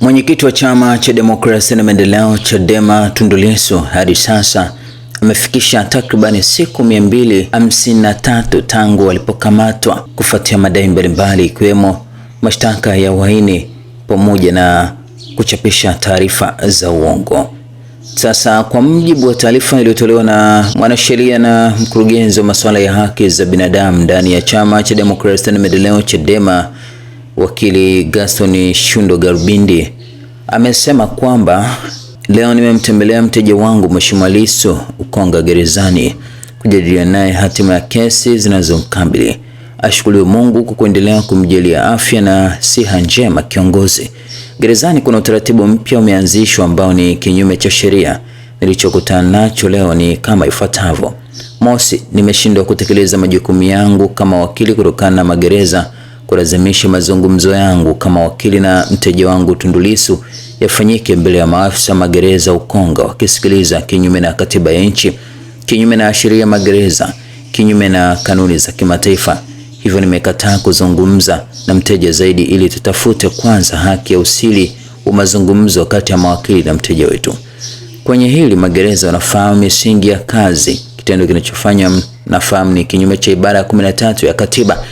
Mwenyekiti wa chama cha demokrasia na maendeleo Chadema Tundu Lissu hadi sasa amefikisha takribani siku 253 tangu alipokamatwa kufuatia madai mbalimbali ikiwemo mashtaka ya uhaini pamoja na kuchapisha taarifa za uongo. Sasa kwa mjibu wa taarifa iliyotolewa na mwanasheria na mkurugenzi wa masuala ya haki za binadamu ndani ya chama cha demokrasia na maendeleo Chadema Wakili Gaston Shundo Garbindi amesema kwamba leo nimemtembelea mteja wangu Mheshimiwa Lissu Ukonga gerezani kujadilia naye hatima ya kesi zinazomkabili. Ashukuriwe Mungu kwa kuendelea kumjalia afya na siha njema kiongozi. Gerezani kuna utaratibu mpya umeanzishwa ambao ni kinyume cha sheria. Nilichokutana nacho leo ni kama ifuatavyo: mosi, nimeshindwa kutekeleza majukumu yangu kama wakili kutokana na magereza kulazimisha mazungumzo yangu kama wakili na mteja wangu Tundu Lissu yafanyike mbele ya maafisa magereza Ukonga, wakisikiliza kinyume na katiba ya nchi, kinyume na sheria magereza, kinyume na kanuni za kimataifa. Hivyo nimekataa kuzungumza na mteja zaidi, ili tutafute kwanza haki ya usiri wa mazungumzo kati ya mawakili na mteja wetu. Kwenye hili magereza wanafahamu misingi ya kazi, kitendo kinachofanya nafahamu ni kinyume cha ibara ya 13 ya katiba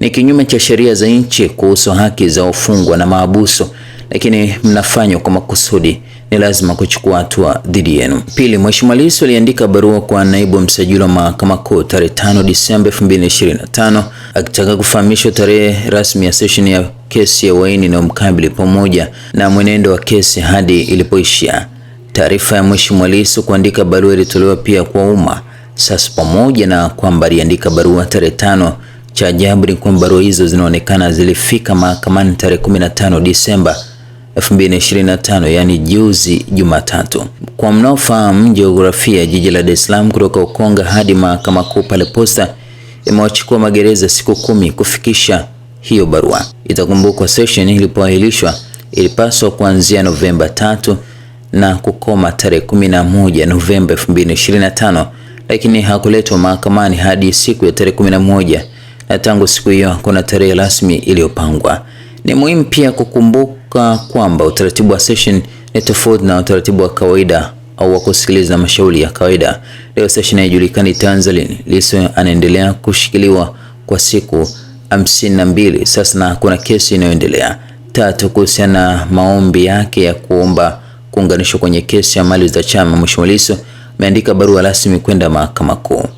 ni kinyume cha sheria za nchi kuhusu haki za wafungwa na maabuso, lakini mnafanywa kwa makusudi. Ni lazima kuchukua hatua dhidi yenu. Pili, Mheshimiwa Lissu aliandika barua kwa naibu msajili wa mahakama kuu tarehe 5 Disemba 2025 akitaka kufahamishwa tarehe rasmi ya session ya kesi ya na mkabili pamoja na mwenendo wa kesi hadi ilipoishia. Taarifa ya Mheshimiwa Lissu kuandika barua ilitolewa pia kwa umma sasa, pamoja na kwamba aliandika barua tarehe tano cha ajabu ni kwamba barua hizo zinaonekana zilifika mahakamani tarehe 15 Disemba 2025 yani juzi Jumatatu. Kwa mnaofahamu jiografia jiji la Dar es Salaam kutoka Ukonga hadi mahakama kuu pale Posta imewachukua magereza siku kumi kufikisha hiyo barua. Itakumbukwa session ilipoahilishwa ilipaswa kuanzia Novemba tatu na kukoma tarehe 11 Novemba 2025, lakini hakuletwa mahakamani hadi siku ya tarehe 11 na tangu siku hiyo hakuna tarehe rasmi iliyopangwa. Ni muhimu pia kukumbuka kwamba utaratibu wa session ni tofauti na utaratibu wa kawaida au wa kusikiliza mashauri ya kawaida. Leo session haijulikani itaanza lini. Lissu anaendelea kushikiliwa kwa siku hamsini na mbili sasa na hakuna kesi inayoendelea. Tatu, kuhusiana na maombi yake ya kuomba kuunganishwa kwenye kesi ya mali za chama, Mheshimiwa Lissu ameandika barua rasmi kwenda Mahakama Kuu.